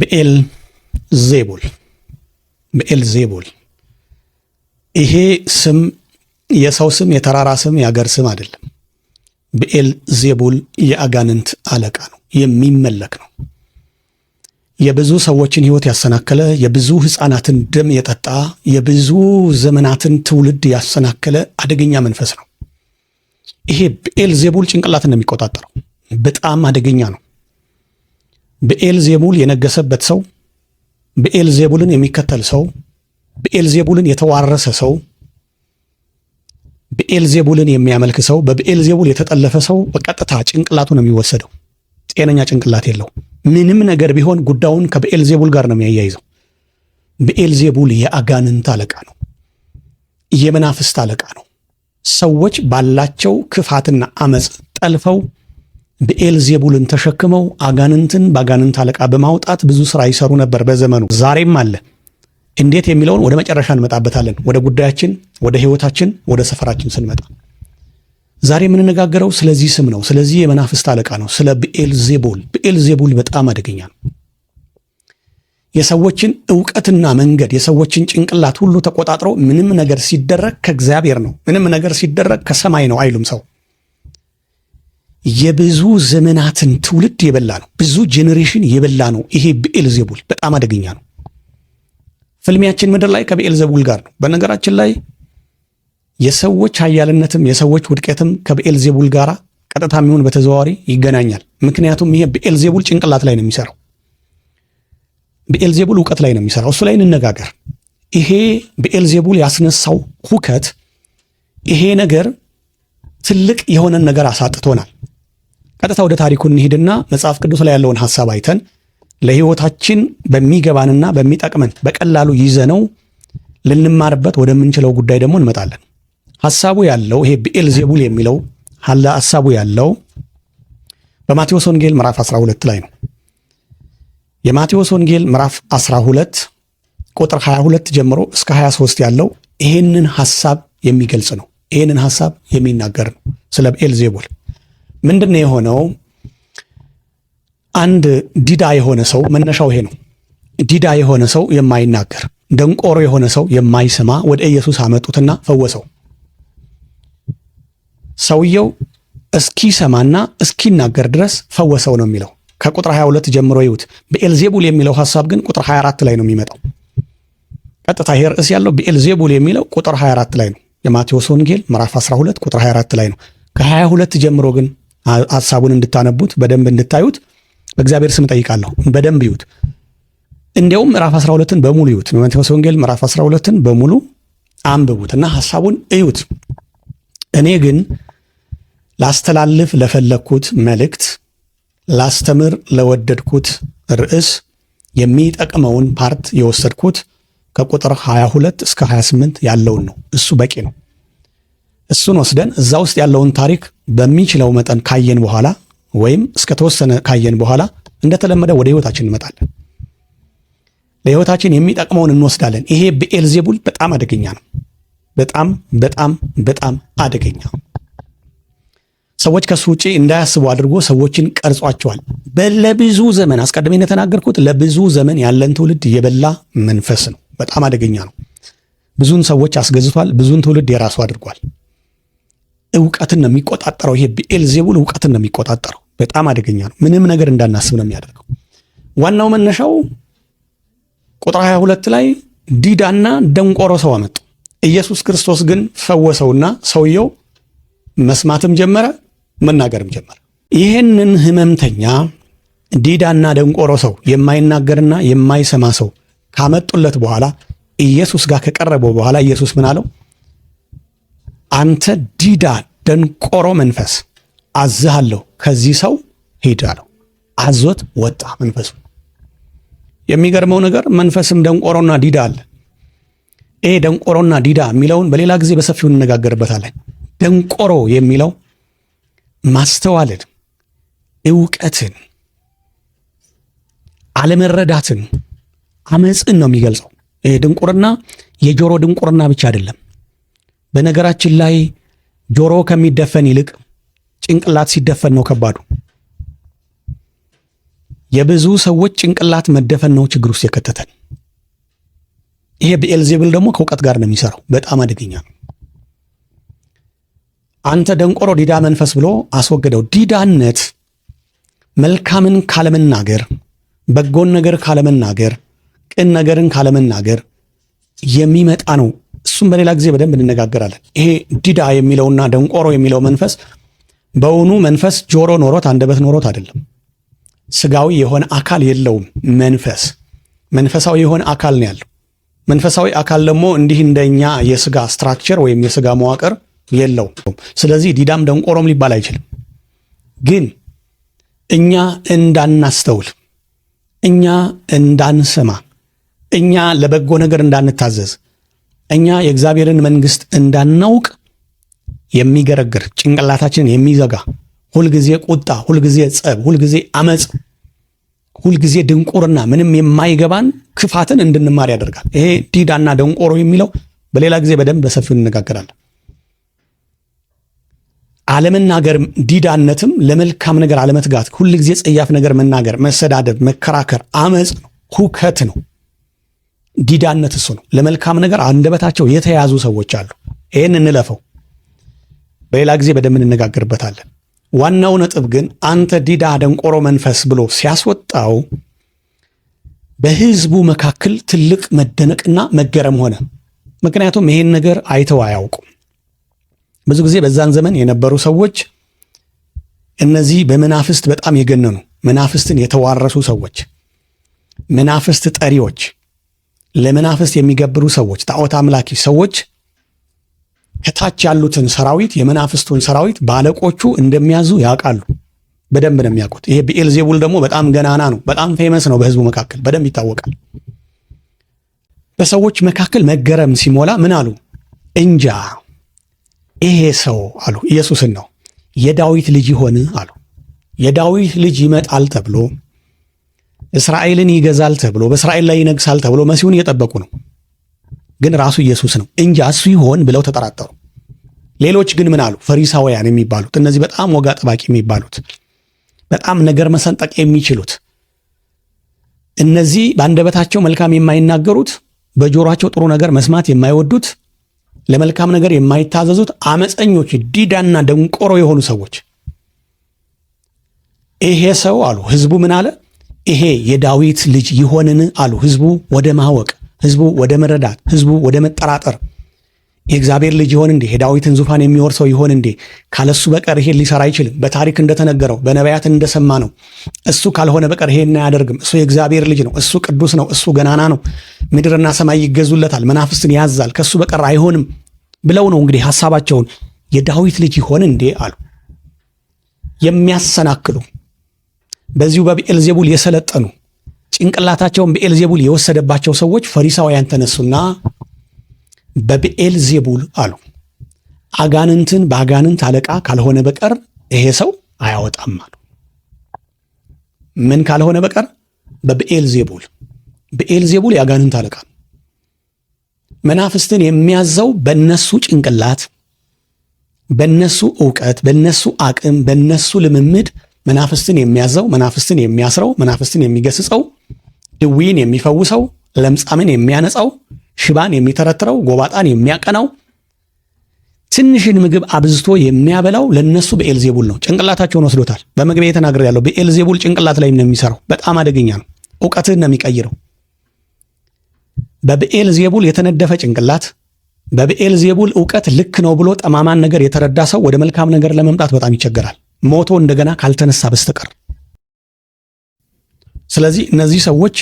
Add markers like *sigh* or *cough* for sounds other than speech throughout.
ብኤል ዜቡል ብኤል ዜቡል። ይሄ ስም የሰው ስም፣ የተራራ ስም፣ የአገር ስም አይደለም። ብኤል ዜቡል የአጋንንት አለቃ ነው፣ የሚመለክ ነው። የብዙ ሰዎችን ሕይወት ያሰናከለ፣ የብዙ ሕፃናትን ደም የጠጣ፣ የብዙ ዘመናትን ትውልድ ያሰናከለ አደገኛ መንፈስ ነው። ይሄ ብኤል ዜቡል ጭንቅላትን ነው የሚቆጣጠረው። በጣም አደገኛ ነው። በኤልዜቡል የነገሰበት ሰው፣ በኤልዜቡልን የሚከተል ሰው፣ በኤልዜቡልን የተዋረሰ ሰው፣ በኤልዜቡልን የሚያመልክ ሰው፣ በብኤልዜቡል የተጠለፈ ሰው በቀጥታ ጭንቅላቱ ነው የሚወሰደው። ጤነኛ ጭንቅላት የለው። ምንም ነገር ቢሆን ጉዳዩን ከብኤልዜቡል ጋር ነው የሚያያይዘው። ብኤልዜቡል የአጋንንት አለቃ ነው። የመናፍስት አለቃ ነው። ሰዎች ባላቸው ክፋትና አመፅ ጠልፈው ብኤልዜቡልን ተሸክመው አጋንንትን በአጋንንት አለቃ በማውጣት ብዙ ስራ ይሰሩ ነበር በዘመኑ፣ ዛሬም አለ። እንዴት የሚለውን ወደ መጨረሻ እንመጣበታለን። ወደ ጉዳያችን፣ ወደ ህይወታችን፣ ወደ ሰፈራችን ስንመጣ ዛሬ የምንነጋገረው ስለዚህ ስም ነው። ስለዚህ የመናፍስት አለቃ ነው፣ ስለ ብኤልዜቡል። ብኤልዜቡል በጣም አደገኛ ነው። የሰዎችን እውቀትና መንገድ የሰዎችን ጭንቅላት ሁሉ ተቆጣጥሮ ምንም ነገር ሲደረግ ከእግዚአብሔር ነው፣ ምንም ነገር ሲደረግ ከሰማይ ነው አይሉም ሰው የብዙ ዘመናትን ትውልድ የበላ ነው። ብዙ ጄኔሬሽን የበላ ነው። ይሄ ብኤል በጣም አደገኛ ነው። ፍልሚያችን ምድር ላይ ከብኤል ጋር ነው። በነገራችን ላይ የሰዎች ሀያልነትም የሰዎች ውድቀትም ከብኤል ጋር ቀጥታ የሚሆን በተዘዋዋሪ ይገናኛል። ምክንያቱም ይሄ ብኤልዜቡል ጭንቅላት ላይ ነው የሚሰራው። ብኤል እውቀት ላይ ነው የሚሰራው። እሱ ላይ እንነጋገር። ይሄ ብኤል ያስነሳው ሁከት ይሄ ነገር ትልቅ የሆነን ነገር አሳጥቶናል። ቀጥታ ወደ ታሪኩ እንሄድና መጽሐፍ ቅዱስ ላይ ያለውን ሀሳብ አይተን ለሕይወታችን በሚገባንና በሚጠቅመን በቀላሉ ይዘነው ልንማርበት ወደምንችለው ጉዳይ ደግሞ እንመጣለን። ሀሳቡ ያለው ይሄ ብኤል ዜቡል የሚለው ሀሳቡ ያለው በማቴዎስ ወንጌል ምዕራፍ 12 ላይ ነው። የማቴዎስ ወንጌል ምዕራፍ 12 ቁጥር 22 ጀምሮ እስከ 23 ያለው ይሄንን ሀሳብ የሚገልጽ ነው። ይሄንን ሀሳብ የሚናገር ነው ስለ ብኤል ዜቡል ምንድን ነው የሆነው? አንድ ዲዳ የሆነ ሰው መነሻው ይሄ ነው። ዲዳ የሆነ ሰው የማይናገር ደንቆሮ የሆነ ሰው የማይሰማ ወደ ኢየሱስ አመጡትና ፈወሰው። ሰውየው እስኪሰማና እስኪናገር ድረስ ፈወሰው ነው የሚለው። ከቁጥር 22 ጀምሮ ይዩት። በኤልዜቡል የሚለው ሐሳብ ግን ቁጥር 24 ላይ ነው የሚመጣው። ቀጥታ ይሄ ርዕስ ያለው በኤልዜቡል የሚለው ቁጥር 24 ላይ ነው። የማቴዎስ ወንጌል ምዕራፍ 12 ቁጥር 24 ላይ ነው። ከ22 ጀምሮ ግን ሀሳቡን እንድታነቡት በደንብ እንድታዩት በእግዚአብሔር ስም ጠይቃለሁ። በደንብ ይዩት። እንዲያውም ምዕራፍ 12ን በሙሉ ይዩት። ማቴዎስ ወንጌል ምዕራፍ 12ን በሙሉ አንብቡት እና ሀሳቡን እዩት። እኔ ግን ላስተላልፍ ለፈለግኩት መልእክት ላስተምር ለወደድኩት ርዕስ የሚጠቅመውን ፓርት የወሰድኩት ከቁጥር 22 እስከ 28 ያለውን ነው። እሱ በቂ ነው። እሱን ወስደን እዛ ውስጥ ያለውን ታሪክ በሚችለው መጠን ካየን በኋላ ወይም እስከተወሰነ ካየን በኋላ እንደተለመደ ወደ ህይወታችን እንመጣለን። ለህይወታችን የሚጠቅመውን እንወስዳለን። ይሄ ብኤልዜቡል በጣም አደገኛ ነው። በጣም በጣም በጣም አደገኛ ሰዎች ከሱ ውጭ እንዳያስቡ አድርጎ ሰዎችን ቀርጿቸዋል። ለብዙ ዘመን አስቀድሜ እንደተናገርኩት ለብዙ ዘመን ያለን ትውልድ የበላ መንፈስ ነው። በጣም አደገኛ ነው። ብዙን ሰዎች አስገዝቷል። ብዙን ትውልድ የራሱ አድርጓል። እውቀትን ነው የሚቆጣጠረው። ይሄ ብኤል ዜቡል እውቀትን ነው የሚቆጣጠረው። በጣም አደገኛ ነው። ምንም ነገር እንዳናስብ ነው የሚያደርገው። ዋናው መነሻው ቁጥር 22 ላይ ዲዳና ደንቆሮ ሰው አመጡ። ኢየሱስ ክርስቶስ ግን ፈወሰውና ሰውየው መስማትም ጀመረ፣ መናገርም ጀመረ። ይህንን ህመምተኛ ዲዳና ደንቆሮ ሰው የማይናገርና የማይሰማ ሰው ካመጡለት በኋላ ኢየሱስ ጋር ከቀረበው በኋላ ኢየሱስ ምን አለው? አንተ ዲዳ ደንቆሮ መንፈስ አዝሃለሁ፣ ከዚህ ሰው ሂድ አለው። አዞት ወጣ መንፈሱ። የሚገርመው ነገር መንፈስም ደንቆሮና ዲዳ አለ። ይሄ ደንቆሮና ዲዳ የሚለውን በሌላ ጊዜ በሰፊው እንነጋገርበታለን። ደንቆሮ የሚለው ማስተዋልን፣ እውቀትን፣ አለመረዳትን፣ አመፅን ነው የሚገልጸው። ይሄ ድንቁርና የጆሮ ድንቁርና ብቻ አይደለም። በነገራችን ላይ ጆሮ ከሚደፈን ይልቅ ጭንቅላት ሲደፈን ነው ከባዱ። የብዙ ሰዎች ጭንቅላት መደፈን ነው ችግር ውስጥ የከተተን። ይሄ ብኤልዜብል ደግሞ ከእውቀት ጋር ነው የሚሰራው። በጣም አደገኛ ነው። አንተ ደንቆሮ ዲዳ መንፈስ ብሎ አስወገደው። ዲዳነት መልካምን ካለመናገር፣ በጎን ነገር ካለመናገር፣ ቅን ነገርን ካለመናገር የሚመጣ ነው። እሱም በሌላ ጊዜ በደንብ እንነጋገራለን። ይሄ ዲዳ የሚለውና ደንቆሮ የሚለው መንፈስ በውኑ መንፈስ ጆሮ ኖሮት አንደበት ኖሮት አይደለም። ስጋዊ የሆነ አካል የለውም። መንፈስ መንፈሳዊ የሆነ አካል ነው ያለው። መንፈሳዊ አካል ደግሞ እንዲህ እንደኛ የስጋ ስትራክቸር ወይም የስጋ መዋቅር የለው። ስለዚህ ዲዳም ደንቆሮም ሊባል አይችልም። ግን እኛ እንዳናስተውል፣ እኛ እንዳንሰማ፣ እኛ ለበጎ ነገር እንዳንታዘዝ እኛ የእግዚአብሔርን መንግስት እንዳናውቅ የሚገረግር ጭንቅላታችንን የሚዘጋ ሁልጊዜ ቁጣ፣ ሁልጊዜ ጸብ፣ ሁልጊዜ አመፅ፣ ሁልጊዜ ድንቁርና፣ ምንም የማይገባን ክፋትን እንድንማር ያደርጋል። ይሄ ዲዳና ደንቆሮ የሚለው በሌላ ጊዜ በደንብ በሰፊው እንነጋገራለን። አለመናገርም ዲዳነትም ለመልካም ነገር አለመትጋት፣ ሁልጊዜ ጸያፍ ነገር መናገር፣ መሰዳደብ፣ መከራከር አመፅ ነው፣ ሁከት ነው። ዲዳነት እሱ ነው። ለመልካም ነገር አንደበታቸው የተያዙ ሰዎች አሉ። ይህን እንለፈው፣ በሌላ ጊዜ በደንብ እንነጋገርበታለን። ዋናው ነጥብ ግን አንተ ዲዳ ደንቆሮ መንፈስ ብሎ ሲያስወጣው በህዝቡ መካከል ትልቅ መደነቅና መገረም ሆነ። ምክንያቱም ይሄን ነገር አይተው አያውቁም። ብዙ ጊዜ በዛን ዘመን የነበሩ ሰዎች እነዚህ በመናፍስት በጣም የገነኑ መናፍስትን የተዋረሱ ሰዎች፣ መናፍስት ጠሪዎች ለመናፍስት የሚገብሩ ሰዎች፣ ጣዖት አምላኪ ሰዎች ከታች ያሉትን ሰራዊት የመናፍስቱን ሰራዊት ባለቆቹ እንደሚያዙ ያውቃሉ። በደንብ ነው የሚያውቁት። ይሄ ብኤልዜቡል ደግሞ በጣም ገናና ነው። በጣም ፌመስ ነው። በህዝቡ መካከል በደንብ ይታወቃል። በሰዎች መካከል መገረም ሲሞላ ምን አሉ? እንጃ ይሄ ሰው አሉ ኢየሱስን ነው የዳዊት ልጅ ይሆን አሉ። የዳዊት ልጅ ይመጣል ተብሎ እስራኤልን ይገዛል ተብሎ በእስራኤል ላይ ይነግሳል ተብሎ መሲሁን እየጠበቁ ነው። ግን ራሱ ኢየሱስ ነው እንጂ እሱ ይሆን ብለው ተጠራጠሩ። ሌሎች ግን ምን አሉ? ፈሪሳውያን የሚባሉት እነዚህ በጣም ወጋ ጠባቂ የሚባሉት በጣም ነገር መሰንጠቅ የሚችሉት እነዚህ በአንደበታቸው መልካም የማይናገሩት በጆሯቸው ጥሩ ነገር መስማት የማይወዱት ለመልካም ነገር የማይታዘዙት አመፀኞች፣ ዲዳና ደንቆሮ የሆኑ ሰዎች ይሄ ሰው አሉ። ህዝቡ ምን አለ? ይሄ የዳዊት ልጅ ይሆንን አሉ። ህዝቡ ወደ ማወቅ፣ ህዝቡ ወደ መረዳት፣ ህዝቡ ወደ መጠራጠር የእግዚአብሔር ልጅ ይሆን እንዴ? የዳዊትን ዙፋን የሚወርሰው ይሆን እንዴ? ካለሱ በቀር ይሄን ሊሰራ አይችልም። በታሪክ እንደተነገረው በነቢያትን እንደሰማ ነው። እሱ ካልሆነ በቀር ይሄን አያደርግም። እሱ የእግዚአብሔር ልጅ ነው። እሱ ቅዱስ ነው። እሱ ገናና ነው። ምድርና ሰማይ ይገዙለታል፣ መናፍስትን ያዛል። ከሱ በቀር አይሆንም ብለው ነው እንግዲህ ሀሳባቸውን የዳዊት ልጅ ይሆን እንዴ አሉ የሚያሰናክሉ በዚሁ በብኤልዜቡል የሰለጠኑ ጭንቅላታቸውን በኤልዜቡል የወሰደባቸው ሰዎች ፈሪሳውያን ተነሱና በብኤልዜቡል አሉ አጋንንትን በአጋንንት አለቃ ካልሆነ በቀር ይሄ ሰው አያወጣም አሉ። ምን ካልሆነ በቀር በብኤልዜቡል ብኤልዜቡል የአጋንንት አለቃ ነው። መናፍስትን የሚያዘው በእነሱ ጭንቅላት፣ በእነሱ እውቀት፣ በእነሱ አቅም፣ በእነሱ ልምምድ መናፍስትን የሚያዘው መናፍስትን የሚያስረው መናፍስትን የሚገስጸው ድዊን የሚፈውሰው ለምጻምን የሚያነጻው ሽባን የሚተረትረው ጎባጣን የሚያቀናው ትንሽን ምግብ አብዝቶ የሚያበላው ለነሱ በኤልዜቡል ነው። ጭንቅላታቸውን ወስዶታል። በመግቢያ የተናገር ያለው በኤልዜቡል ጭንቅላት ላይ ነው የሚሰራው። በጣም አደገኛ ነው። እውቀትህን ነው የሚቀይረው። በብኤልዜቡል የተነደፈ ጭንቅላት በብኤልዜቡል እውቀት ልክ ነው ብሎ ጠማማን ነገር የተረዳ ሰው ወደ መልካም ነገር ለመምጣት በጣም ይቸገራል። ሞቶ እንደገና ካልተነሳ በስተቀር። ስለዚህ እነዚህ ሰዎች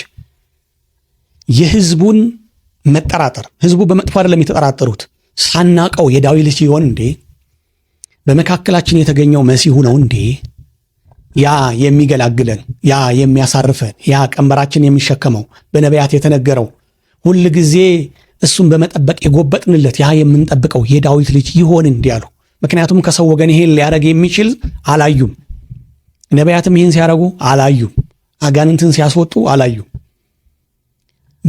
የህዝቡን መጠራጠር ህዝቡ በመጥፎ አይደለም የተጠራጠሩት፣ ሳናቀው የዳዊ ልጅ ሲሆን እንዴ በመካከላችን የተገኘው መሲሁ ነው እንዴ ያ የሚገላግለን ያ የሚያሳርፈን ያ ቀንበራችን የሚሸከመው በነቢያት የተነገረው ሁል ጊዜ እሱን በመጠበቅ የጎበጥንለት ያ የምንጠብቀው የዳዊት ልጅ ይሆን እንዲህ አሉ። ምክንያቱም ከሰው ወገን ይሄን ሊያደረግ የሚችል አላዩም። ነቢያትም ይህን ሲያደረጉ አላዩም። አጋንንትን ሲያስወጡ አላዩም።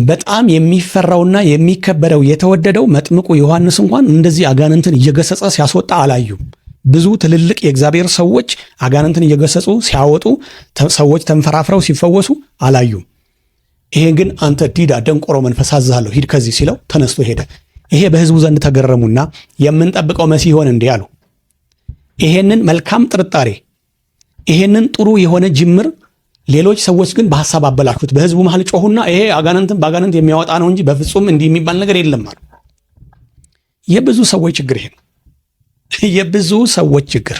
በጣም የሚፈራውና የሚከበረው የተወደደው መጥምቁ ዮሐንስ እንኳን እንደዚህ አጋንንትን እየገሰጸ ሲያስወጣ አላዩም። ብዙ ትልልቅ የእግዚአብሔር ሰዎች አጋንንትን እየገሰጹ ሲያወጡ ሰዎች ተንፈራፍረው ሲፈወሱ አላዩም። ይሄ ግን አንተ ዲዳ ደንቆሮ መንፈስ አዝሃለሁ ሂድ ከዚህ ሲለው ተነስቶ ሄደ። ይሄ በህዝቡ ዘንድ ተገረሙና የምንጠብቀው መስ ይሆን እንዲህ አሉ። ይሄንን መልካም ጥርጣሬ ይሄንን ጥሩ የሆነ ጅምር ሌሎች ሰዎች ግን በሀሳብ አበላሹት። በህዝቡ መሀል ጮሁና ይሄ አጋንንትን በአጋንንት የሚያወጣ ነው እንጂ በፍጹም እንዲህ የሚባል ነገር የለም አሉ። የብዙ ሰዎች ችግር ይሄ ነው። የብዙ ሰዎች ችግር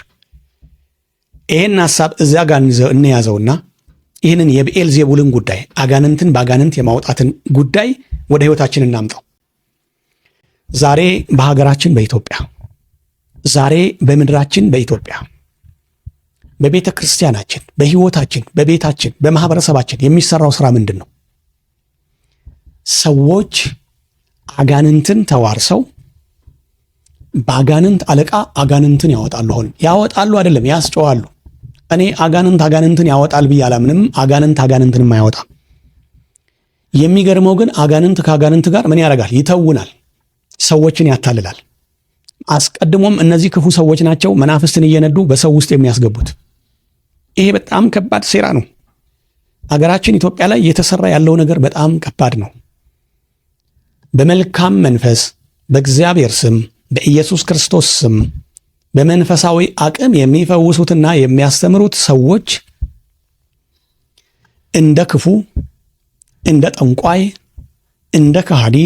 ይሄን ሀሳብ እዚያ ጋር እንያዘውና ይህንን የብኤል ዜቡልን ጉዳይ አጋንንትን በአጋንንት የማውጣትን ጉዳይ ወደ ህይወታችን እናምጣው። ዛሬ በሀገራችን በኢትዮጵያ ዛሬ በምድራችን በኢትዮጵያ በቤተ ክርስቲያናችን፣ በህይወታችን፣ በቤታችን፣ በማህበረሰባችን የሚሰራው ስራ ምንድን ነው? ሰዎች አጋንንትን ተዋርሰው በአጋንንት አለቃ አጋንንትን ያወጣሉ። አሁን ያወጣሉ አይደለም ያስጨዋሉ። እኔ አጋንንት አጋንንትን ያወጣል ብዬ አላምንም። አጋንንት አጋንንትንም አያወጣም። የሚገርመው ግን አጋንንት ከአጋንንት ጋር ምን ያደርጋል? ይተውናል። ሰዎችን ያታልላል። አስቀድሞም እነዚህ ክፉ ሰዎች ናቸው መናፍስትን እየነዱ በሰው ውስጥ የሚያስገቡት። ይሄ በጣም ከባድ ሴራ ነው። አገራችን ኢትዮጵያ ላይ እየተሰራ ያለው ነገር በጣም ከባድ ነው። በመልካም መንፈስ በእግዚአብሔር ስም በኢየሱስ ክርስቶስ ስም በመንፈሳዊ አቅም የሚፈውሱትና የሚያስተምሩት ሰዎች እንደ ክፉ፣ እንደ ጠንቋይ፣ እንደ ከሃዲ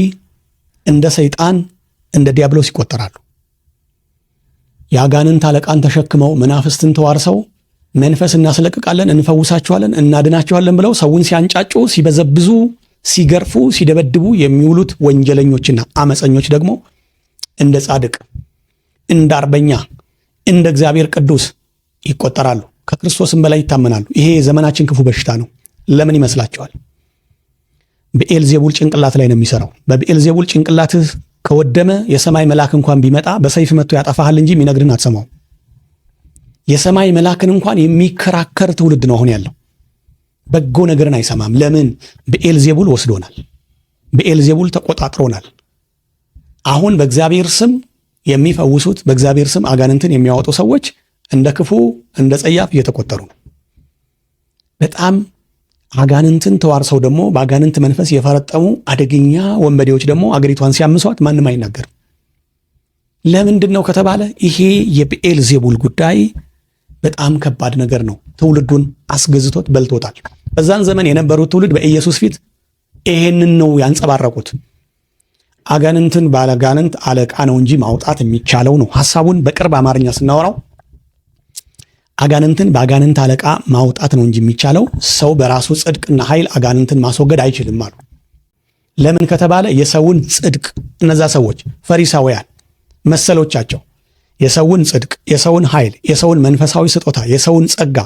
እንደ ሰይጣን እንደ ዲያብሎስ ይቆጠራሉ። የአጋንንት አለቃን ተሸክመው መናፍስትን ተዋርሰው መንፈስ እናስለቅቃለን፣ እንፈውሳችኋለን፣ እናድናችኋለን ብለው ሰውን ሲያንጫጩ፣ ሲበዘብዙ፣ ሲገርፉ፣ ሲደበድቡ የሚውሉት ወንጀለኞችና አመፀኞች ደግሞ እንደ ጻድቅ፣ እንደ አርበኛ፣ እንደ እግዚአብሔር ቅዱስ ይቆጠራሉ። ከክርስቶስም በላይ ይታመናሉ። ይሄ የዘመናችን ክፉ በሽታ ነው። ለምን ይመስላችኋል? በኤልዜቡል ጭንቅላት ላይ ነው የሚሰራው። በኤልዜቡል ጭንቅላትህ ከወደመ የሰማይ መልአክ እንኳን ቢመጣ በሰይፍ መጥቶ ያጠፋሃል እንጂ የሚነግድን አትሰማው። የሰማይ መልአክን እንኳን የሚከራከር ትውልድ ነው አሁን ያለው። በጎ ነገርን አይሰማም። ለምን? በኤልዜቡል ወስዶናል። በኤልዜቡል ተቆጣጥሮናል። አሁን በእግዚአብሔር ስም የሚፈውሱት በእግዚአብሔር ስም አጋንንትን የሚያወጡ ሰዎች እንደ ክፉ እንደ ጸያፍ እየተቆጠሩ ነው በጣም አጋንንትን ተዋርሰው ደግሞ በአጋንንት መንፈስ የፈረጠሙ አደገኛ ወንበዴዎች ደግሞ አገሪቷን ሲያምሷት ማንም አይናገርም። ለምንድን ነው ከተባለ ይሄ የብኤል ዜቡል ጉዳይ በጣም ከባድ ነገር ነው። ትውልዱን አስገዝቶት በልቶታል። በዛን ዘመን የነበሩት ትውልድ በኢየሱስ ፊት ይሄንን ነው ያንጸባረቁት። አጋንንትን ባለጋንንት አለቃ ነው እንጂ ማውጣት የሚቻለው ነው። ሀሳቡን በቅርብ አማርኛ ስናወራው አጋንንትን በአጋንንት አለቃ ማውጣት ነው እንጂ የሚቻለው ሰው በራሱ ጽድቅና ኃይል አጋንንትን ማስወገድ አይችልም አሉ። ለምን ከተባለ የሰውን ጽድቅ እነዛ ሰዎች ፈሪሳውያን መሰሎቻቸው የሰውን ጽድቅ፣ የሰውን ኃይል፣ የሰውን መንፈሳዊ ስጦታ፣ የሰውን ጸጋ፣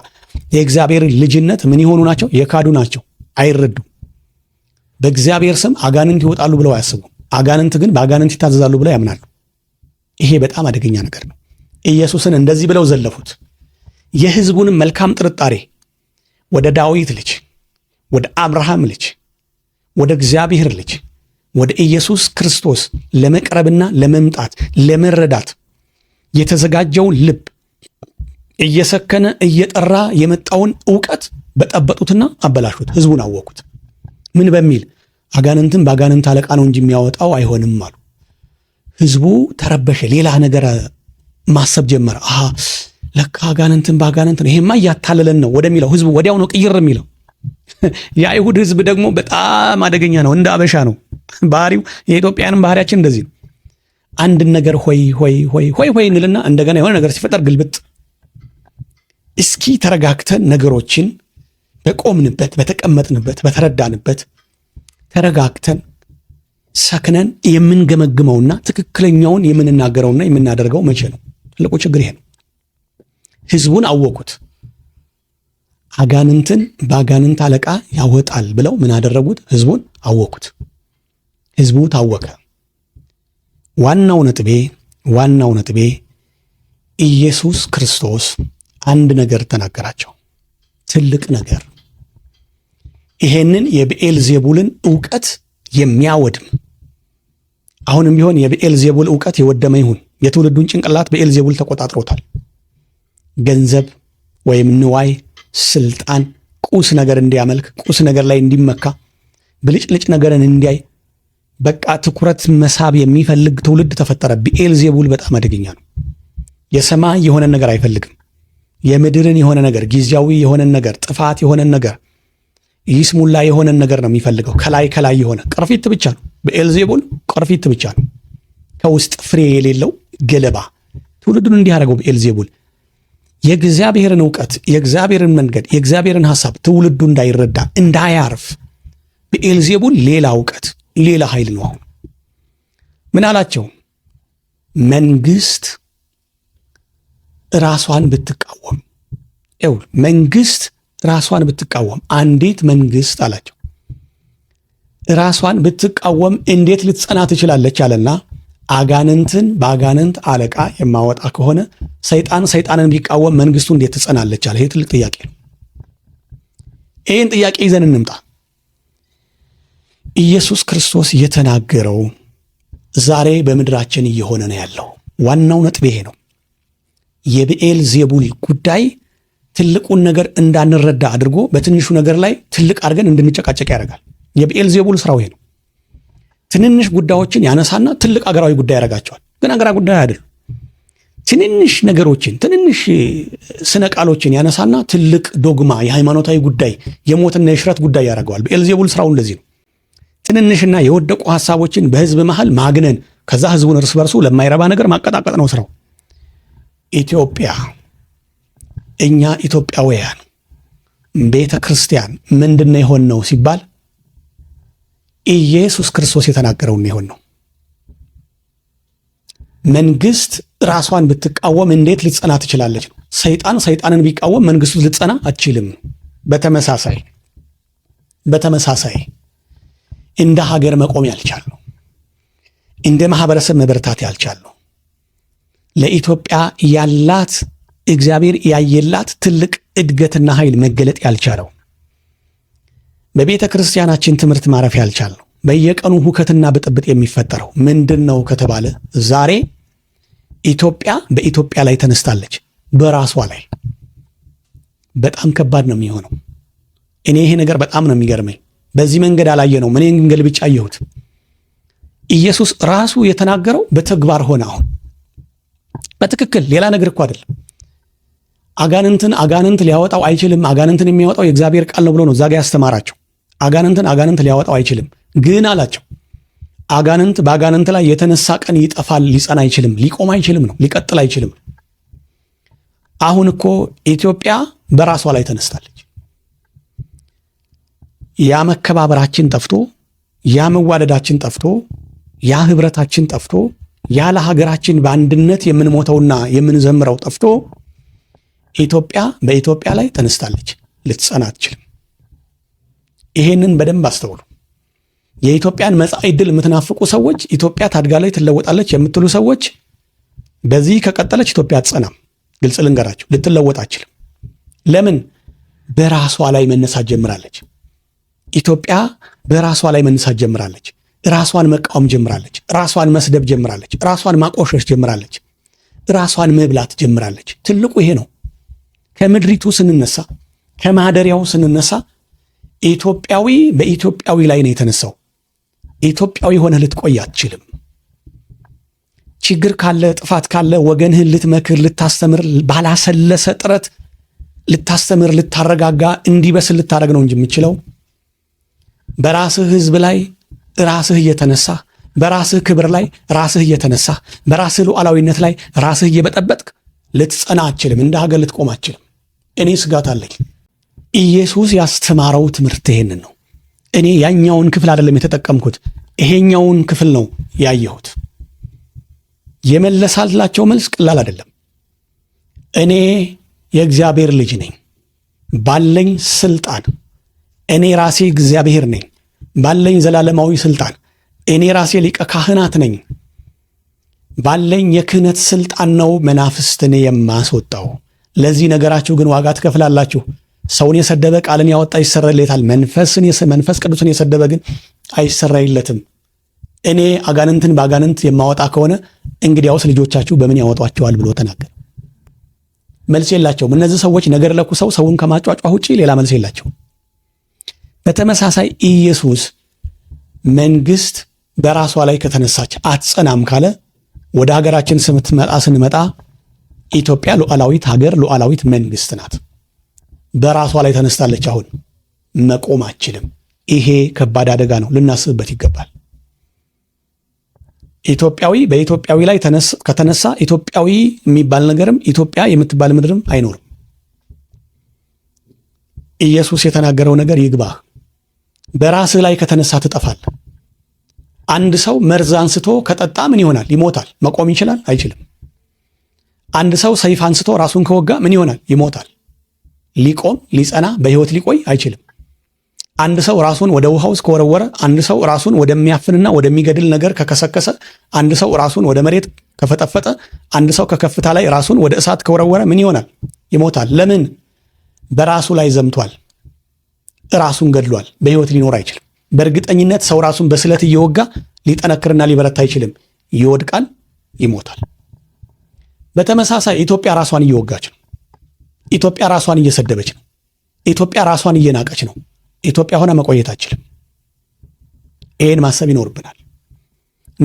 የእግዚአብሔር ልጅነት ምን የሆኑ ናቸው? የካዱ ናቸው። አይረዱም። በእግዚአብሔር ስም አጋንንት ይወጣሉ ብለው አያስቡም። አጋንንት ግን በአጋንንት ይታዘዛሉ ብለው ያምናሉ። ይሄ በጣም አደገኛ ነገር ነው። ኢየሱስን እንደዚህ ብለው ዘለፉት። የህዝቡን መልካም ጥርጣሬ ወደ ዳዊት ልጅ ወደ አብርሃም ልጅ ወደ እግዚአብሔር ልጅ ወደ ኢየሱስ ክርስቶስ ለመቅረብና ለመምጣት ለመረዳት የተዘጋጀውን ልብ እየሰከነ እየጠራ የመጣውን እውቀት በጠበጡትና አበላሹት። ህዝቡን አወቁት። ምን በሚል አጋንንትን በአጋንንት አለቃ ነው እንጂ የሚያወጣው አይሆንም አሉ። ህዝቡ ተረበሸ። ሌላ ነገር ማሰብ ጀመረ። ለካ አጋንንትን ነው ይሄማ እያታለለን ነው ወደሚለው ህዝቡ ወዲያው ነው ቅይር የሚለው። *laughs* የአይሁድ ህዝብ ደግሞ በጣም አደገኛ ነው። እንደ አበሻ ነው ባህሪው። የኢትዮጵያንም ባህሪያችን እንደዚህ ነው። አንድን ነገር ሆይ ሆይ ሆይ ሆይ ሆይ እንልና እንደገና የሆነ ነገር ሲፈጠር ግልብጥ። እስኪ ተረጋግተን ነገሮችን በቆምንበት በተቀመጥንበት በተረዳንበት ተረጋግተን ሰክነን የምንገመግመውና ትክክለኛውን የምንናገረውና የምናደርገው መቼ ነው? ትልቁ ችግር ይሄ ነው። ህዝቡን አወቁት። አጋንንትን በአጋንንት አለቃ ያወጣል ብለው ምን አደረጉት? ህዝቡን አወቁት። ህዝቡ ታወቀ። ዋናው ነጥቤ ዋናው ነጥቤ ኢየሱስ ክርስቶስ አንድ ነገር ተናገራቸው፣ ትልቅ ነገር። ይሄንን የብኤል ዜቡልን እውቀት የሚያወድም አሁንም ቢሆን የብኤል ዜቡል እውቀት የወደመ ይሁን። የትውልዱን ጭንቅላት ብኤል ዜቡል ተቆጣጥሮታል። ገንዘብ ወይም ንዋይ፣ ስልጣን፣ ቁስ ነገር እንዲያመልክ፣ ቁስ ነገር ላይ እንዲመካ፣ ብልጭልጭ ነገርን እንዲያይ፣ በቃ ትኩረት መሳብ የሚፈልግ ትውልድ ተፈጠረ። ብኤልዜቡል በጣም አደገኛ ነው። የሰማይ የሆነ ነገር አይፈልግም። የምድርን የሆነ ነገር፣ ጊዜያዊ የሆነን ነገር፣ ጥፋት የሆነን ነገር፣ ይስሙላ የሆነን ነገር ነው የሚፈልገው። ከላይ ከላይ የሆነ ቅርፊት ብቻ ነው። ብኤልዜቡል ቅርፊት ብቻ ነው። ከውስጥ ፍሬ የሌለው ገለባ ትውልዱን እንዲያደርገው ብኤልዜቡል የእግዚአብሔርን እውቀት የእግዚአብሔርን መንገድ የእግዚአብሔርን ሐሳብ ትውልዱ እንዳይረዳ እንዳያርፍ ብኤልዜቡል ሌላ እውቀት ሌላ ኃይል ነው። አሁን ምን አላቸው? መንግስት ራሷን ብትቃወም ው መንግስት ራሷን ብትቃወም አንዲት መንግስት አላቸው ራሷን ብትቃወም እንዴት ልትጸና ትችላለች? አለና አጋንንትን በአጋንንት አለቃ የማወጣ ከሆነ ሰይጣን ሰይጣንን ቢቃወም መንግስቱ እንዴት ትጸናለች? አለ። ይህ ትልቅ ጥያቄ ነው። ይህን ጥያቄ ይዘን እንምጣ። ኢየሱስ ክርስቶስ የተናገረው ዛሬ በምድራችን እየሆነ ነው ያለው ዋናው ነጥብ ይሄ ነው። የብኤል ዜቡል ጉዳይ ትልቁን ነገር እንዳንረዳ አድርጎ በትንሹ ነገር ላይ ትልቅ አድርገን እንድንጨቃጨቅ ያደርጋል። የብኤል ዜቡል ስራው ይሄ ነው። ትንንሽ ጉዳዮችን ያነሳና ትልቅ አገራዊ ጉዳይ ያደርጋቸዋል። ግን አገራዊ ጉዳይ አይደሉም። ትንንሽ ነገሮችን ትንንሽ ስነ ቃሎችን ያነሳና ትልቅ ዶግማ፣ የሃይማኖታዊ ጉዳይ፣ የሞትና የሽረት ጉዳይ ያደርገዋል። በኤልዜቡል ስራው እንደዚህ ነው። ትንንሽና የወደቁ ሀሳቦችን በህዝብ መሃል ማግነን፣ ከዛ ህዝቡን እርስ በርሱ ለማይረባ ነገር ማቀጣቀጥ ነው ስራው። ኢትዮጵያ እኛ ኢትዮጵያውያን ቤተ ክርስቲያን ምንድን ነው ሲባል ኢየሱስ ክርስቶስ የተናገረውን ይሆን ነው። መንግስት ራሷን ብትቃወም እንዴት ልትጸና ትችላለች ነው። ሰይጣን ሰይጣንን ቢቃወም መንግስቱ ልትጸና አትችልም። በተመሳሳይ በተመሳሳይ እንደ ሀገር መቆም ያልቻሉ እንደ ማህበረሰብ መበርታት ያልቻሉ ለኢትዮጵያ ያላት እግዚአብሔር ያየላት ትልቅ እድገትና ኃይል መገለጥ ያልቻለው በቤተ ክርስቲያናችን ትምህርት ማረፍ ነው በየቀኑ ሁከትና ብጥብጥ የሚፈጠረው ምንድን ነው ከተባለ ዛሬ ኢትዮጵያ በኢትዮጵያ ላይ ተነስታለች፣ በራሷ ላይ በጣም ከባድ ነው የሚሆነው። እኔ ይሄ ነገር በጣም ነው የሚገርመኝ። በዚህ መንገድ ነው ምን ግን ገልብጬ አየሁት። ኢየሱስ ራሱ የተናገረው በተግባር ሆነ። አሁን በትክክል ሌላ ነገር እኮ አይደለም። አጋንንትን አጋንንት ሊያወጣው አይችልም፣ አጋንንትን የሚያወጣው የእግዚአብሔር ቃል ነው ብሎ ነው እዛ ጋ ያስተማራቸው። አጋንንትን አጋንንት ሊያወጣው አይችልም። ግን አላቸው አጋንንት በአጋንንት ላይ የተነሳ ቀን ይጠፋል፣ ሊጸን አይችልም፣ ሊቆም አይችልም ነው ሊቀጥል አይችልም። አሁን እኮ ኢትዮጵያ በራሷ ላይ ተነስታለች። ያ መከባበራችን ጠፍቶ፣ ያ መዋደዳችን ጠፍቶ፣ ያ ህብረታችን ጠፍቶ፣ ያለ ሀገራችን በአንድነት የምንሞተውና የምንዘምረው ጠፍቶ ኢትዮጵያ በኢትዮጵያ ላይ ተነስታለች። ልትጸና አትችልም። ይሄንን በደንብ አስተውሉ። የኢትዮጵያን መጻኢ ዕድል የምትናፍቁ ሰዎች፣ ኢትዮጵያ ታድጋለች፣ ትለወጣለች የምትሉ ሰዎች በዚህ ከቀጠለች ኢትዮጵያ አትጸናም። ግልጽ ልንገራችሁ፣ ልትለወጥ አትችልም። ለምን? በራሷ ላይ መነሳት ጀምራለች። ኢትዮጵያ በራሷ ላይ መነሳት ጀምራለች። ራሷን መቃወም ጀምራለች። ራሷን መስደብ ጀምራለች። ራሷን ማቆሸሽ ጀምራለች። ራሷን መብላት ጀምራለች። ትልቁ ይሄ ነው። ከምድሪቱ ስንነሳ፣ ከማደሪያው ስንነሳ ኢትዮጵያዊ በኢትዮጵያዊ ላይ ነው የተነሳው። ኢትዮጵያዊ ሆነ ልትቆይ አትችልም። ችግር ካለ ጥፋት ካለ ወገንህን ልትመክር ልታስተምር፣ ባላሰለሰ ጥረት ልታስተምር፣ ልታረጋጋ፣ እንዲበስል ልታደረግ ነው እንጂ የምችለው በራስህ ህዝብ ላይ ራስህ እየተነሳ በራስህ ክብር ላይ ራስህ እየተነሳ በራስህ ሉዓላዊነት ላይ ራስህ እየበጠበጥክ ልትጸና አትችልም። እንደ ሀገር ልትቆም አትችልም። እኔ ስጋት አለኝ። ኢየሱስ ያስተማረው ትምህርት ይሄንን ነው። እኔ ያኛውን ክፍል አይደለም የተጠቀምኩት፣ ይሄኛውን ክፍል ነው ያየሁት። የመለሳላቸው መልስ ቀላል አይደለም። እኔ የእግዚአብሔር ልጅ ነኝ፣ ባለኝ ስልጣን እኔ ራሴ እግዚአብሔር ነኝ፣ ባለኝ ዘላለማዊ ስልጣን እኔ ራሴ ሊቀ ካህናት ነኝ፣ ባለኝ የክህነት ስልጣን ነው መናፍስትን የማስወጣው። ለዚህ ነገራችሁ ግን ዋጋ ትከፍላላችሁ ሰውን የሰደበ ቃልን ያወጣ ይሰረይለታል፣ መንፈስ ቅዱስን የሰደበ ግን አይሰረይለትም። እኔ አጋንንትን በአጋንንት የማወጣ ከሆነ እንግዲያውስ ልጆቻችሁ በምን ያወጧቸዋል ብሎ ተናገረ። መልስ የላቸውም። እነዚህ ሰዎች ነገር ለኩ ሰው ሰውን ከማጫጫ ውጪ ሌላ መልስ የላቸውም። በተመሳሳይ ኢየሱስ መንግስት በራሷ ላይ ከተነሳች አትጸናም ካለ ወደ ሀገራችን ስምትመጣ ስንመጣ ኢትዮጵያ ሉዓላዊት ሀገር ሉዓላዊት መንግስት ናት። በራሷ ላይ ተነስታለች። አሁን መቆም አችልም። ይሄ ከባድ አደጋ ነው፣ ልናስብበት ይገባል። ኢትዮጵያዊ በኢትዮጵያዊ ላይ ከተነሳ ኢትዮጵያዊ የሚባል ነገርም ኢትዮጵያ የምትባል ምድርም አይኖርም። ኢየሱስ የተናገረው ነገር ይግባ። በራስህ ላይ ከተነሳ ትጠፋል። አንድ ሰው መርዝ አንስቶ ከጠጣ ምን ይሆናል? ይሞታል። መቆም ይችላል? አይችልም። አንድ ሰው ሰይፍ አንስቶ ራሱን ከወጋ ምን ይሆናል? ይሞታል። ሊቆም ሊጸና በህይወት ሊቆይ አይችልም። አንድ ሰው ራሱን ወደ ውሃ ውስጥ ከወረወረ፣ አንድ ሰው ራሱን ወደሚያፍንና ወደሚገድል ነገር ከከሰከሰ፣ አንድ ሰው ራሱን ወደ መሬት ከፈጠፈጠ፣ አንድ ሰው ከከፍታ ላይ ራሱን ወደ እሳት ከወረወረ ምን ይሆናል? ይሞታል። ለምን? በራሱ ላይ ዘምቷል። ራሱን ገድሏል። በህይወት ሊኖር አይችልም። በእርግጠኝነት ሰው ራሱን በስለት እየወጋ ሊጠነክርና ሊበረታ አይችልም። ይወድቃል፣ ይሞታል። በተመሳሳይ ኢትዮጵያ ራሷን እየወጋች ነው። ኢትዮጵያ ራሷን እየሰደበች ነው። ኢትዮጵያ ራሷን እየናቀች ነው። ኢትዮጵያ ሆነ መቆየት አችልም። ይህን ማሰብ ይኖርብናል።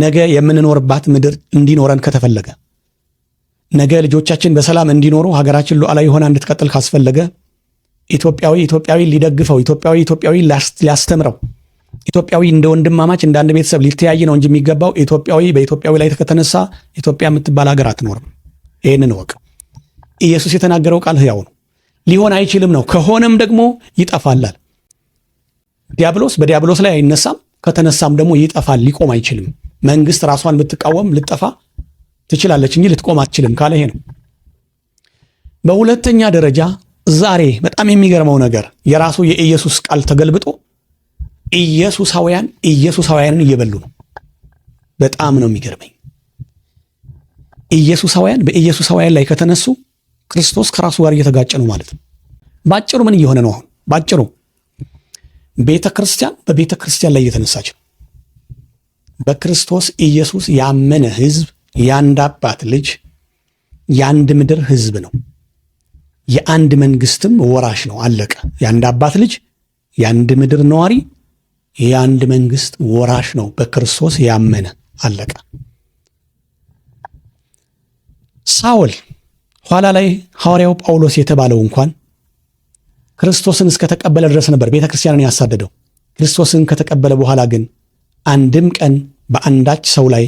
ነገ የምንኖርባት ምድር እንዲኖረን ከተፈለገ ነገ ልጆቻችን በሰላም እንዲኖሩ ሀገራችን ሉዓላዊ ሆና እንድትቀጥል ካስፈለገ ኢትዮጵያዊ ኢትዮጵያዊ ሊደግፈው ኢትዮጵያዊ ኢትዮጵያዊ ሊያስተምረው ኢትዮጵያዊ እንደ ወንድማማች እንደ አንድ ቤተሰብ ሊተያይ ነው እንጂ የሚገባው ኢትዮጵያዊ በኢትዮጵያዊ ላይ ከተነሳ ኢትዮጵያ የምትባል ሀገር አትኖርም። ይህንን እወቅ። ኢየሱስ የተናገረው ቃል ሕያው ነው። ሊሆን አይችልም ነው። ከሆነም ደግሞ ይጠፋላል። ዲያብሎስ በዲያብሎስ ላይ አይነሳም፣ ከተነሳም ደግሞ ይጠፋል፣ ሊቆም አይችልም። መንግስት ራሷን ብትቃወም ልጠፋ ትችላለች እንጂ ልትቆም አትችልም ካለ ይሄ ነው። በሁለተኛ ደረጃ ዛሬ በጣም የሚገርመው ነገር የራሱ የኢየሱስ ቃል ተገልብጦ ኢየሱሳውያን ኢየሱሳውያንን እየበሉ ነው። በጣም ነው የሚገርመኝ። ኢየሱሳውያን በኢየሱሳውያን ላይ ከተነሱ ክርስቶስ ከራሱ ጋር እየተጋጨ ነው ማለት ነው። ባጭሩ ምን እየሆነ ነው? አሁን ባጭሩ ቤተ ክርስቲያን በቤተ ክርስቲያን ላይ እየተነሳች ነው። በክርስቶስ ኢየሱስ ያመነ ህዝብ የአንድ አባት ልጅ የአንድ ምድር ህዝብ ነው፣ የአንድ መንግስትም ወራሽ ነው። አለቀ። የአንድ አባት ልጅ የአንድ ምድር ነዋሪ የአንድ መንግስት ወራሽ ነው። በክርስቶስ ያመነ አለቀ። ሳውል ኋላ ላይ ሐዋርያው ጳውሎስ የተባለው እንኳን ክርስቶስን እስከተቀበለ ድረስ ነበር ቤተ ክርስቲያንን ያሳደደው። ክርስቶስን ከተቀበለ በኋላ ግን አንድም ቀን በአንዳች ሰው ላይ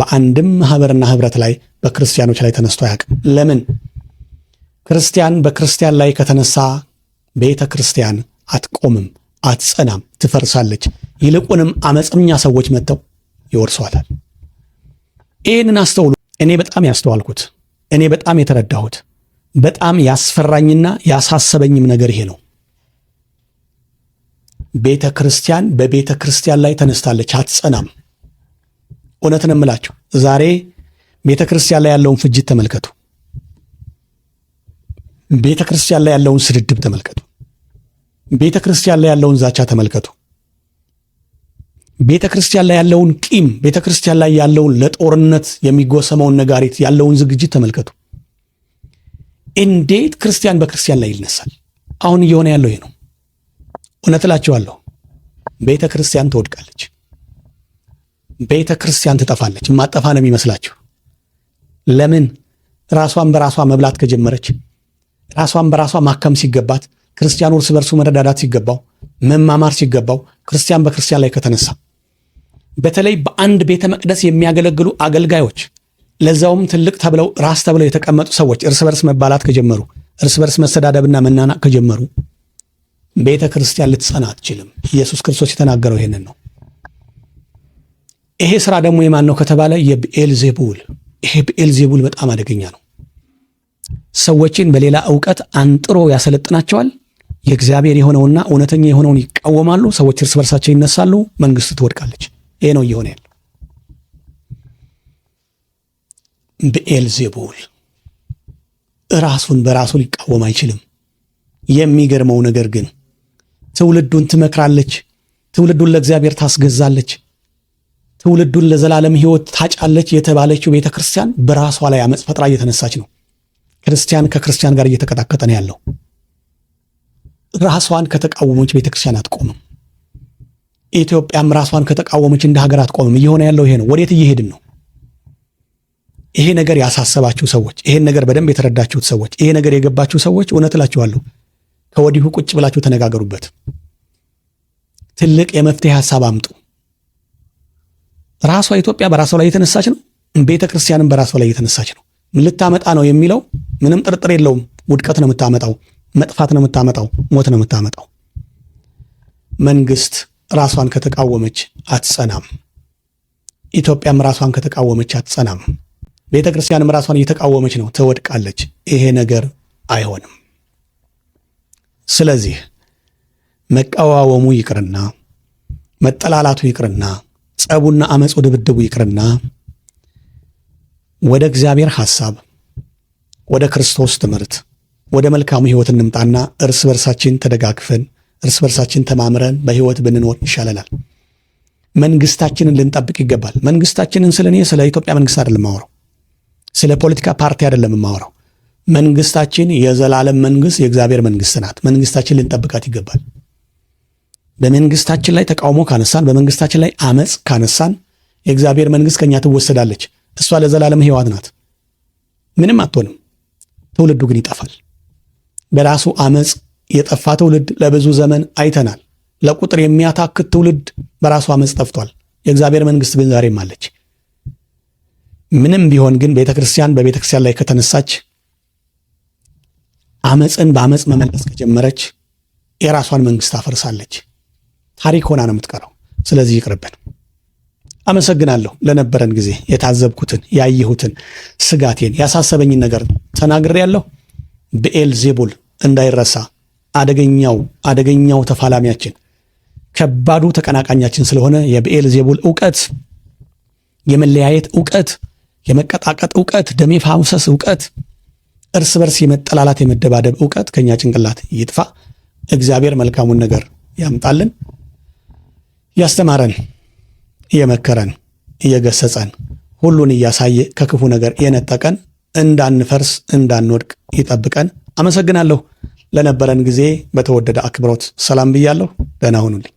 በአንድም ማህበርና ህብረት ላይ በክርስቲያኖች ላይ ተነስቶ አያውቅም። ለምን? ክርስቲያን በክርስቲያን ላይ ከተነሳ ቤተ ክርስቲያን አትቆምም፣ አትጸናም፣ ትፈርሳለች። ይልቁንም አመፀኛ ሰዎች መጥተው ይወርሷታል። ይህንን አስተውሉ። እኔ በጣም ያስተዋልኩት እኔ በጣም የተረዳሁት በጣም ያስፈራኝና ያሳሰበኝም ነገር ይሄ ነው። ቤተ ክርስቲያን በቤተ ክርስቲያን ላይ ተነስታለች፣ አትጸናም። እውነትን እምላቸው ዛሬ ቤተ ክርስቲያን ላይ ያለውን ፍጅት ተመልከቱ። ቤተ ክርስቲያን ላይ ያለውን ስድድብ ተመልከቱ። ቤተ ክርስቲያን ላይ ያለውን ዛቻ ተመልከቱ። ቤተ ክርስቲያን ላይ ያለውን ቂም፣ ቤተ ክርስቲያን ላይ ያለውን ለጦርነት የሚጎሰመውን ነጋሪት ያለውን ዝግጅት ተመልከቱ። እንዴት ክርስቲያን በክርስቲያን ላይ ይነሳል? አሁን እየሆነ ያለው ይሄ ነው። እውነት እላችኋለሁ ቤተ ክርስቲያን ትወድቃለች፣ ቤተ ክርስቲያን ትጠፋለች። ማጠፋ ነው የሚመስላችሁ? ለምን? ራሷን በራሷ መብላት ከጀመረች፣ ራሷን በራሷ ማከም ሲገባት፣ ክርስቲያኑ እርስ በርሱ መረዳዳት ሲገባው፣ መማማር ሲገባው፣ ክርስቲያን በክርስቲያን ላይ ከተነሳ በተለይ በአንድ ቤተ መቅደስ የሚያገለግሉ አገልጋዮች ለዛውም ትልቅ ተብለው ራስ ተብለው የተቀመጡ ሰዎች እርስ በርስ መባላት ከጀመሩ፣ እርስ በርስ መሰዳደብና መናናቅ ከጀመሩ ቤተ ክርስቲያን ልትጸና አትችልም። ኢየሱስ ክርስቶስ የተናገረው ይሄንን ነው። ይሄ ስራ ደግሞ የማን ነው ከተባለ የብኤል ዜቡል። ይሄ ብኤል ዜቡል በጣም አደገኛ ነው። ሰዎችን በሌላ እውቀት አንጥሮ ያሰለጥናቸዋል። የእግዚአብሔር የሆነውና እውነተኛ የሆነውን ይቃወማሉ። ሰዎች እርስ በርሳቸው ይነሳሉ። መንግስት ትወድቃለች። ይሄ ነው እየሆነ ያለው። ብኤልዜቡል ራሱን በራሱ ሊቃወም አይችልም። የሚገርመው ነገር ግን ትውልዱን ትመክራለች፣ ትውልዱን ለእግዚአብሔር ታስገዛለች፣ ትውልዱን ለዘላለም ሕይወት ታጫለች የተባለችው ቤተ ክርስቲያን በራሷ ላይ አመፅ ፈጥራ እየተነሳች ነው። ክርስቲያን ከክርስቲያን ጋር እየተቀጣቀጠ ነው ያለው። ራሷን ከተቃወሞች ቤተ ክርስቲያን አትቆምም። ኢትዮጵያም ራሷን ከተቃወመች እንደ ሀገር አትቆምም። እየሆነ ያለው ይሄ ነው። ወዴት እየሄድን ነው? ይሄ ነገር ያሳሰባችሁ ሰዎች፣ ይሄን ነገር በደንብ የተረዳችሁት ሰዎች፣ ይሄ ነገር የገባችሁ ሰዎች እውነት እላችኋለሁ ከወዲሁ ቁጭ ብላችሁ ተነጋገሩበት። ትልቅ የመፍትሄ ሀሳብ አምጡ። ራሷ ኢትዮጵያ በራሷ ላይ የተነሳች ነው። ቤተ ክርስቲያንም በራሷ ላይ የተነሳች ነው። ልታመጣ ነው የሚለው ምንም ጥርጥር የለውም። ውድቀት ነው የምታመጣው፣ መጥፋት ነው የምታመጣው፣ ሞት ነው የምታመጣው መንግስት ራሷን ከተቃወመች አትጸናም። ኢትዮጵያም ራሷን ከተቃወመች አትጸናም። ቤተ ክርስቲያንም ራሷን እየተቃወመች ነው፣ ትወድቃለች። ይሄ ነገር አይሆንም። ስለዚህ መቃዋወሙ ይቅርና መጠላላቱ ይቅርና ጸቡና አመፁ ድብድቡ ይቅርና ወደ እግዚአብሔር ሐሳብ፣ ወደ ክርስቶስ ትምህርት፣ ወደ መልካሙ ሕይወት እንምጣና እርስ በርሳችን ተደጋግፈን እርስ በርሳችን ተማምረን በህይወት ብንኖር ይሻለናል። መንግስታችንን ልንጠብቅ ይገባል። መንግስታችንን ስለ እኔ ስለ ኢትዮጵያ መንግስት አይደለም የማወራው፣ ስለ ፖለቲካ ፓርቲ አይደለም የማወራው። መንግስታችን የዘላለም መንግስት የእግዚአብሔር መንግስት ናት። መንግስታችን ልንጠብቃት ይገባል። በመንግስታችን ላይ ተቃውሞ ካነሳን፣ በመንግስታችን ላይ አመፅ ካነሳን የእግዚአብሔር መንግስት ከኛ ትወሰዳለች። እሷ ለዘላለም ህይዋት ናት፣ ምንም አትሆንም። ትውልዱ ግን ይጠፋል በራሱ አመፅ የጠፋ ትውልድ ለብዙ ዘመን አይተናል። ለቁጥር የሚያታክት ትውልድ በራሱ አመፅ ጠፍቷል። የእግዚአብሔር መንግስት ግን ዛሬም አለች። ምንም ቢሆን ግን ቤተ ክርስቲያን በቤተ ክርስቲያን ላይ ከተነሳች፣ አመፅን በአመፅ መመለስ ከጀመረች የራሷን መንግስት አፈርሳለች። ታሪክ ሆና ነው የምትቀረው። ስለዚህ ይቅርብን። አመሰግናለሁ ለነበረን ጊዜ። የታዘብኩትን ያየሁትን፣ ስጋቴን ያሳሰበኝን ነገር ተናግሬ ያለው ብኤል ዜቡል እንዳይረሳ አደገኛው አደገኛው ተፋላሚያችን ከባዱ ተቀናቃኛችን ስለሆነ የብኤል ዜቡል እውቀት የመለያየት እውቀት የመቀጣቀጥ እውቀት ደም ፋምሰስ እውቀት እርስ በርስ የመጠላላት የመደባደብ እውቀት ከኛ ጭንቅላት ይጥፋ። እግዚአብሔር መልካሙን ነገር ያምጣልን። ያስተማረን፣ እየመከረን፣ እየገሰጸን፣ ሁሉን እያሳየ ከክፉ ነገር የነጠቀን እንዳንፈርስ እንዳንወድቅ ይጠብቀን። አመሰግናለሁ። ለነበረን ጊዜ በተወደደ አክብሮት ሰላም ብያለሁ። ደህና ሁኑልኝ።